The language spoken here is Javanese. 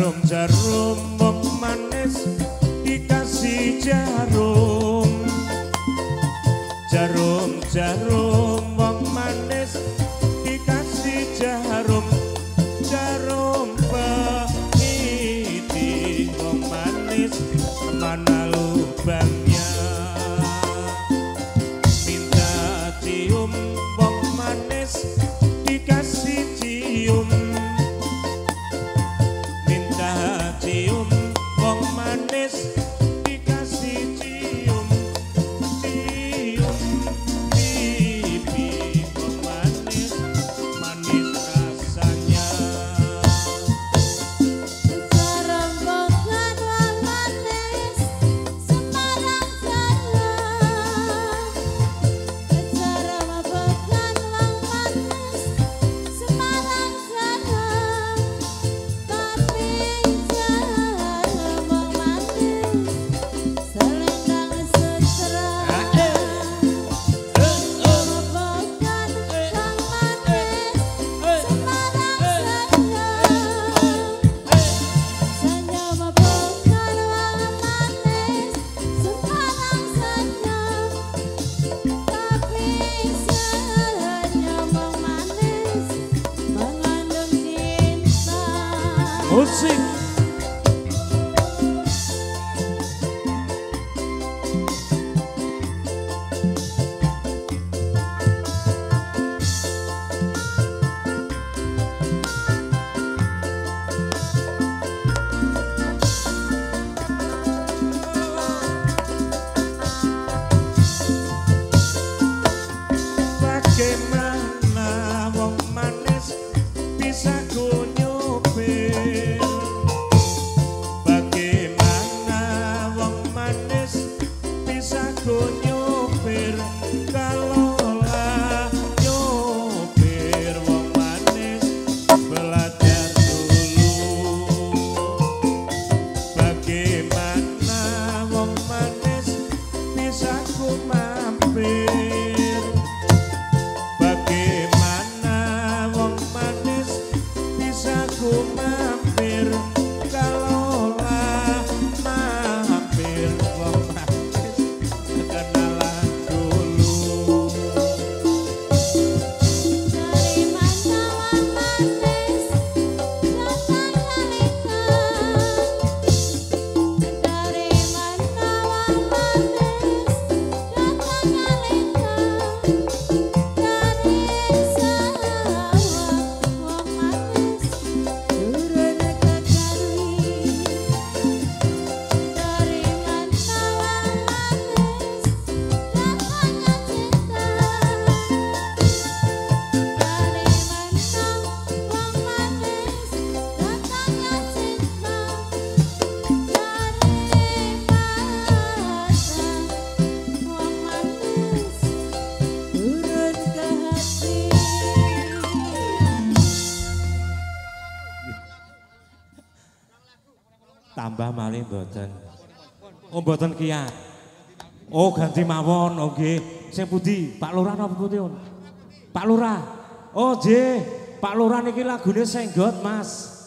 jarum jarum wong manis dikasih jarum jarum jarum wong manis dikasih jarum jarum pahit wong manis mana lubangnya This. Você Tambah malih mboten. Oh mboten kiat. Oh ganti mawon, oke, oh, nggih. Sing pundi? Pak Lurah napa putih? Pak Lurah. Oh nggih, Pak Lurah niki lagune senggot, Mas.